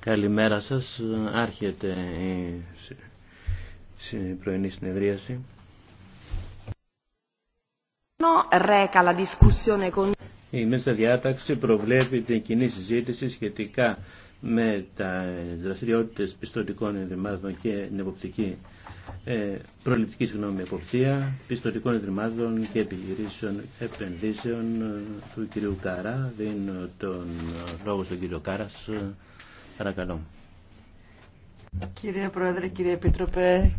Καλημέρα σας. Άρχεται η πρωινή συνεδρίαση. Η μέσα διάταξη προβλέπει την κοινή συζήτηση σχετικά με τα δραστηριότητες πιστοτικών ενδυμάτων και νευροπτική. Ε, προληπτική συγγνώμη εποπτεία, πιστοτικών ιδρυμάτων και επιχειρήσεων επενδύσεων ε, του κυρίου Κάρα. Δίνω τον ε, λόγο στον κύριο Κάρα Παρακαλώ. Κύριε Πρόεδρε, κύριε Επίτροπε,